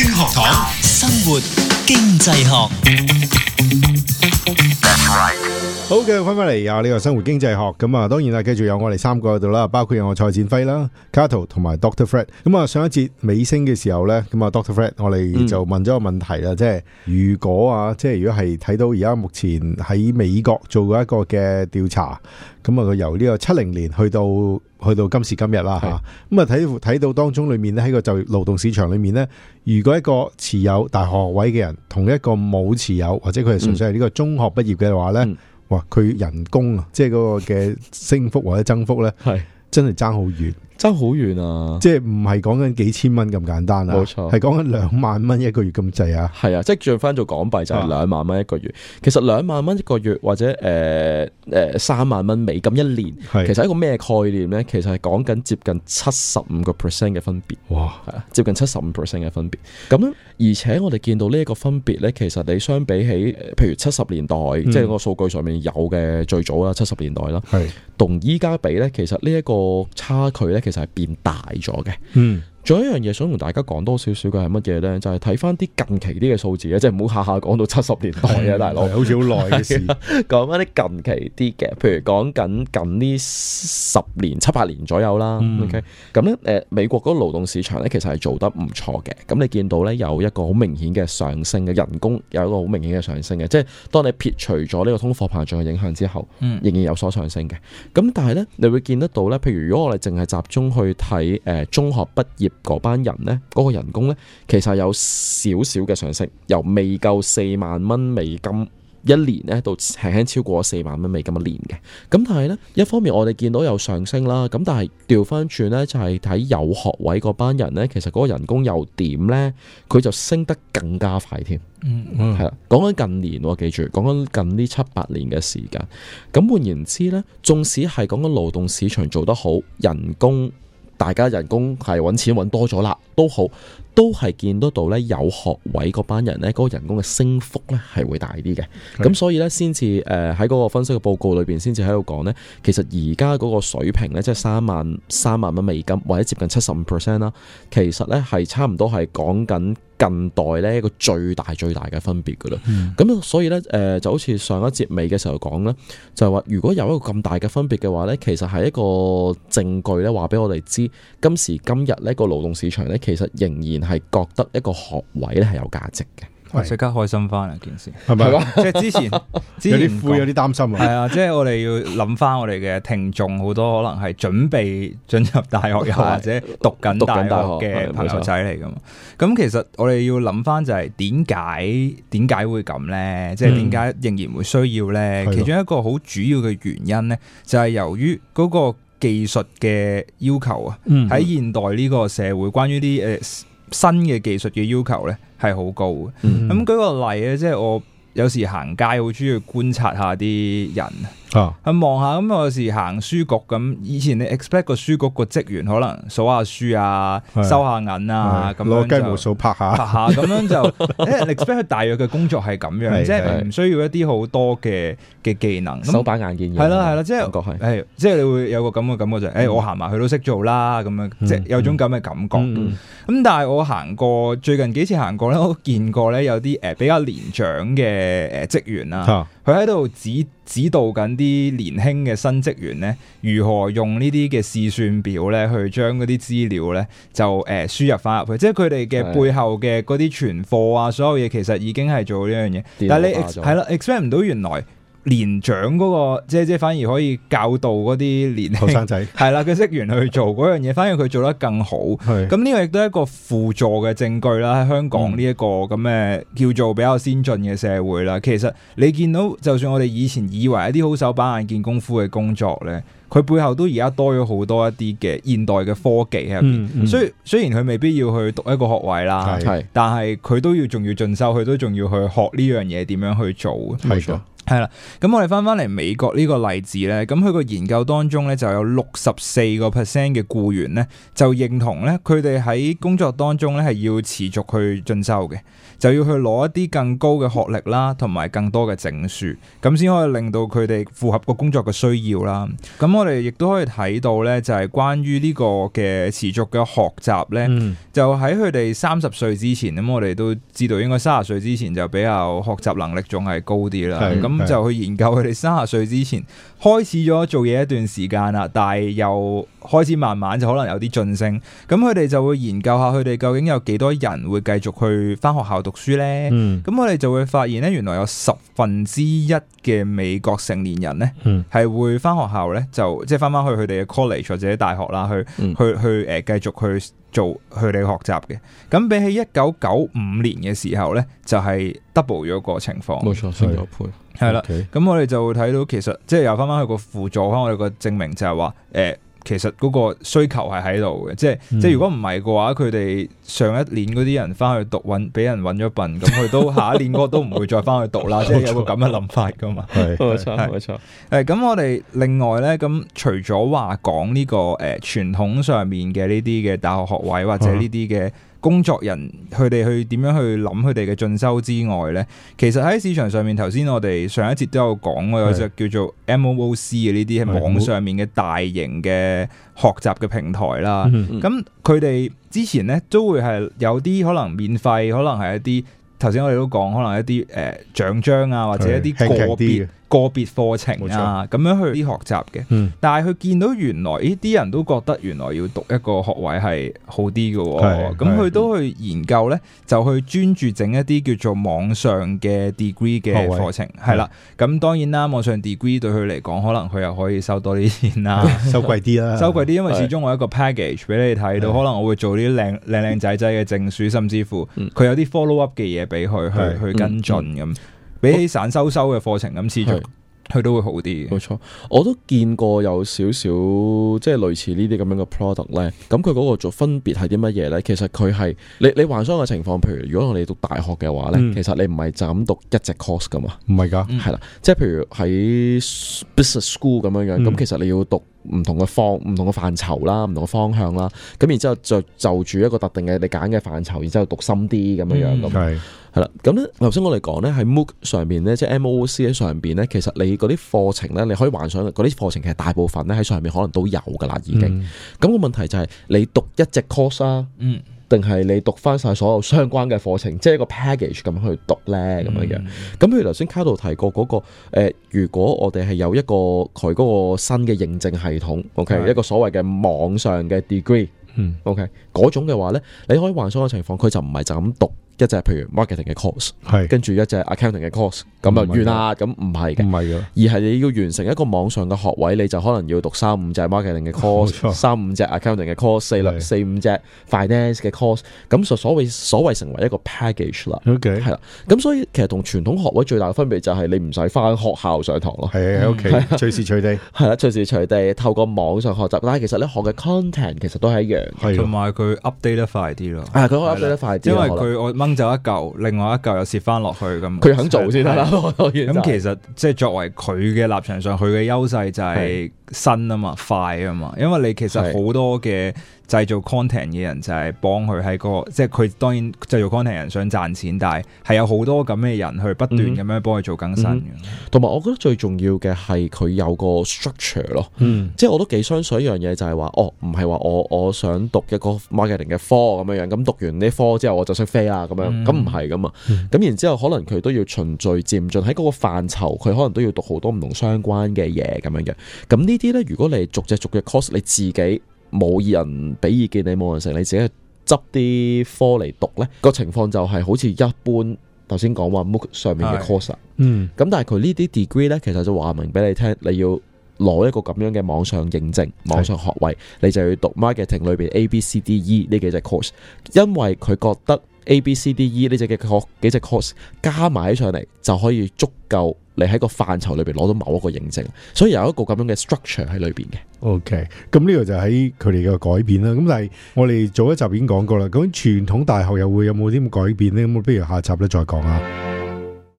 精學堂，生活 經濟學。好嘅，翻返嚟啊！呢個生活經濟學咁啊，當然啦，繼續有我哋三個喺度啦，包括有我蔡展輝啦、Cato 同埋 Doctor Fred。咁啊，上一節尾聲嘅時候咧，咁啊，Doctor Fred，我哋就問咗個問題啦，即係如果啊，即係如果係睇到而家目前喺美國做過一個嘅調查，咁啊，佢由呢個七零年去到去到今時今日啦吓，咁是啊，睇睇到當中裏面咧喺個就勞動市場裏面咧，如果一個持有大學學位嘅人，同一個冇持有或者佢係純粹係呢個中學畢業嘅話咧。嗯哇！佢人工啊，即係嗰個嘅升幅或者增幅咧，係 真係爭好遠。爭好遠啊！即係唔係講緊幾千蚊咁簡單啊？冇錯，係講緊兩萬蚊一個月咁滯啊！係啊，即係轉翻做港幣就係兩萬蚊一個月。啊、其實兩萬蚊一個月或者誒誒三萬蚊美金一年，是其實一個咩概念咧？其實係講緊接近七十五個 percent 嘅分別。哇、啊！接近七十五 percent 嘅分別。咁而且我哋見到呢一個分別咧，其實你相比起譬如七十年代，嗯、即係個數據上面有嘅最早啦，七十年代啦，係同依家比咧，其實呢一個差距咧。其實，係變大咗嘅。嗯。仲有一樣嘢想同大家講多少少嘅係乜嘢呢？就係睇翻啲近期啲嘅數字咧，即係唔好下下講到七十年代啊，的大佬哥，好似好耐嘅事。講翻啲近期啲嘅，譬如講緊近呢十年、七八年左右啦。嗯、OK，咁咧誒，美國嗰個勞動市場咧其實係做得唔錯嘅。咁你見到咧有一個好明顯嘅上升嘅人工，有一個好明顯嘅上升嘅，即係當你撇除咗呢個通貨膨脹嘅影響之後，嗯、仍然有所上升嘅。咁但係咧，你會見得到咧，譬如如果我哋淨係集中去睇誒中學畢業，嗰班人呢，嗰個人工呢，其實有少少嘅上升，由未夠四萬蚊美金一年呢，到輕輕超過四萬蚊美金一年嘅。咁但係呢，一方面我哋見到有上升啦，咁但係調翻轉呢，就係睇有學位嗰班人呢，其實嗰個人工又點呢？佢就升得更加快添。嗯嗯、mm，係、hmm，啦，講緊近年喎，記住講緊近呢七八年嘅時間。咁換言之呢，縱使係講緊勞動市場做得好，人工。大家人工係揾錢揾多咗啦，都好。都係見得到咧，有學位嗰班人咧，嗰個人工嘅升幅咧係會大啲嘅。咁的所以咧先至誒喺嗰個分析嘅報告裏邊，先至喺度講咧，其實而家嗰個水平咧，即係三萬三萬蚊美金或者接近七十五 percent 啦。其實咧係差唔多係講緊近代咧一個最大最大嘅分別噶啦。咁、嗯、所以咧誒、呃、就好似上一節尾嘅時候講咧，就係、是、話如果有一個咁大嘅分別嘅話咧，其實係一個證據咧話俾我哋知今時今日呢、那個勞動市場咧其實仍然。係覺得一個學位咧係有價值嘅，即刻喂開心翻啊！件事係咪？即係 之前，之前有啲灰，有啲擔心啊。係 啊，即係我哋要諗翻我哋嘅聽眾，好多可能係準備進入大學又或者讀緊大學嘅朋友仔嚟㗎嘛。咁其實我哋要諗翻就係點解點解會咁咧？即係點解仍然會需要咧？嗯、其中一個好主要嘅原因咧，就係由於嗰個技術嘅要求啊，喺現代呢個社會，關於啲誒。新嘅技術嘅要求咧係好高嘅，咁、mm hmm。舉個例咧，即係我有時行街好中意觀察下啲人。啊！去望下咁，有時行書局咁。以前你 expect 個書局個職員可能數下書啊，收下銀啊，咁攞雞毛掃拍下，拍下咁樣就，誒，expect 佢大約嘅工作係咁樣，即係唔需要一啲好多嘅嘅技能，手板眼見嘢係啦係啦，即係，誒，即係你會有個咁嘅感覺就，誒，我行埋去都識做啦，咁樣即係有種咁嘅感覺。咁但係我行過最近幾次行過咧，我見過咧有啲誒比較年長嘅誒職員啊。佢喺度指指導緊啲年輕嘅新職員咧，如何用呢啲嘅試算表咧，去將嗰啲資料咧就誒輸入返入去，即係佢哋嘅背後嘅嗰啲存貨啊，所有嘢其實已經係做呢樣嘢，但係你係啦，expect 唔到原來。年長嗰個，即係即係反而可以教導嗰啲年輕仔，係啦，佢識完去做嗰樣嘢，反而佢做得更好。咁呢 個亦都係一個輔助嘅證據啦。喺香港呢一個咁嘅叫做比較先進嘅社會啦。嗯、其實你見到，就算我哋以前以為一啲好手板眼見功夫嘅工作呢，佢背後都而家多咗好多一啲嘅現代嘅科技喺入邊。雖雖然佢未必要去讀一個學位啦，的但係佢都要仲要進修，佢都仲要去學呢樣嘢點樣去做。冇係啦，咁我哋翻翻嚟美國呢個例子咧，咁佢個研究當中咧就有六十四個 percent 嘅雇員咧，就認同咧佢哋喺工作當中咧係要持續去進修嘅，就要去攞一啲更高嘅學歷啦，同埋更多嘅證書，咁先可以令到佢哋符合個工作嘅需要啦。咁我哋亦都可以睇到咧，就係關於呢個嘅持續嘅學習咧，嗯、就喺佢哋三十歲之前，咁我哋都知道應該三十歲之前就比較學習能力仲係高啲啦。咁的 就去研究佢哋三十歲之前開始咗做嘢一段時間啦，但係又開始慢慢就可能有啲晉升。咁佢哋就會研究下佢哋究竟有幾多人會繼續去翻學校讀書呢？咁我哋就會發現呢，原來有十分之一嘅美國成年人呢，係、嗯、會翻學校呢，就即係翻翻去佢哋嘅 college 或者大學啦，去、嗯、去去誒，繼、呃、續去做佢哋嘅學習嘅。咁比起一九九五年嘅時候呢，就係、是、double 咗個情況，冇錯、嗯，升咗倍。係啦，咁我哋就會睇到，其實即係又翻翻去個輔助，翻我哋個證明就係話，誒，其實嗰個需求係喺度嘅，即係即係如果唔係嘅話，佢哋上一年嗰啲人翻去讀，搵俾人搵咗笨，咁佢都下一年個都唔會再翻去讀啦，即係有個咁嘅諗法噶嘛，冇錯冇錯。誒，咁我哋另外呢，咁除咗話講呢個誒傳統上面嘅呢啲嘅大學學位或者呢啲嘅。工作人佢哋去點樣去諗佢哋嘅進修之外呢？其實喺市場上面，頭先我哋上一節都有講過，有隻是叫做 MOOC 嘅呢啲係網上面嘅大型嘅學習嘅平台啦。咁佢哋之前呢都會係有啲可能免費，可能係一啲頭先我哋都講，可能一啲誒獎章啊，或者一啲個別。個別課程啊，咁樣去啲學習嘅。但係佢見到原來，咦啲人都覺得原來要讀一個學位係好啲嘅。咁佢都去研究呢，就去專注整一啲叫做網上嘅 degree 嘅課程。係啦，咁當然啦，網上 degree 對佢嚟講，可能佢又可以收多啲錢啦，收貴啲啦，收貴啲，因為始終我一個 package 俾你睇到，可能我會做啲靚靚靚仔仔嘅證書，甚至乎佢有啲 follow up 嘅嘢俾佢去去跟進咁。比起散修修嘅課程咁試做，佢都會好啲。冇錯，我都見過有少少即係類似呢啲咁樣嘅 product 咧。咁佢嗰個做分別係啲乜嘢咧？其實佢係你你幻想嘅情況，譬如如果我哋讀大學嘅話咧，嗯、其實你唔係就咁讀一隻 course 噶嘛。唔係㗎，係啦，即係譬如喺 business school 咁樣樣，咁、嗯、其實你要讀。唔同嘅方、唔同嘅範疇啦，唔同嘅方向啦，咁然之後就就住一個特定嘅你揀嘅範疇，然之後讀深啲咁樣、嗯、樣咁，係啦、嗯。咁頭先我嚟，講咧，喺 MOOC 上面咧，即係 MOOC 喺上邊咧，其實你嗰啲課程咧，你可以幻想嗰啲課程其實大部分咧喺上邊可能都有噶啦，已經。咁個、嗯、問題就係你讀一隻 course 啦、嗯。定係你讀翻晒所有相關嘅課程，即係一個 package 咁去讀呢？咁、嗯、樣樣。咁譬如頭先卡度提過嗰、嗰個、呃、如果我哋係有一個佢嗰個新嘅認證系統，OK，是一個所謂嘅網上嘅 degree，OK，嗰種嘅話呢，你可以幻想嘅情況，佢就唔係就咁讀。一隻譬如 marketing 嘅 course，跟住一隻 accounting 嘅 course，咁啊完啦，咁唔係嘅，唔係而係你要完成一個網上嘅學位，你就可能要讀三五隻 marketing 嘅 course，三五隻 accounting 嘅 course，四、四五隻 finance 嘅 course，咁所所謂所謂成為一個 package 啦，係啦，咁所以其實同傳統學位最大嘅分別就係你唔使返學校上堂咯，係喺屋企隨時隨地，係啦隨時隨地透過網上學習，啦，其實你學嘅 content 其實都係一樣，同埋佢 update 得快啲咯，佢 update 得快啲，因為佢就一嚿，另外一嚿又蝕翻落去咁。佢肯做先得啦。咁的 其實即係作為佢嘅立場上，佢嘅優勢就係新啊嘛、的快啊嘛。因為你其實好多嘅。製造 content 嘅人就係幫佢喺、嗰個，即係佢當然製造 content 人想賺錢，但係係有好多咁嘅人去不斷咁樣幫佢做更新。同埋、嗯嗯嗯嗯、我覺得最重要嘅係佢有個 structure 咯、嗯，即係我都幾相信一樣嘢就係、係、話，哦，唔係話我我想讀一個 marketing 嘅科咁樣樣，咁讀完呢科之後我就識飛喇咁樣，咁唔係噶嘛。咁、嗯嗯嗯、然之後可能佢都要循序漸進喺嗰個範疇，佢可能都要讀好多唔同相關嘅嘢咁樣嘅。咁呢啲呢，如果你逐隻逐隻 course 你自己。冇人俾意見你，冇人成，你自己去執啲科嚟讀，呢個情況就係好似一般頭先講話 MOOC 上面嘅 course，嗯，咁但係佢呢啲 degree 呢，其實就話明俾你聽，你要攞一個咁樣嘅網上認證、網上學位，的你就要讀 marketing 裏邊 A、B、C、D、E 呢幾隻 course，因為佢覺得。A、B、C、D、E 呢隻嘅 course 幾隻 course 加埋起上嚟就可以足夠你喺個範疇裏邊攞到某一個認證，所以有一個咁樣嘅 structure 喺裏邊嘅。OK，咁呢個就係佢哋嘅改變啦。咁但係我哋早一集已經講過啦。咁傳統大學又會有冇啲改變呢？咁不如下集咧再講啊。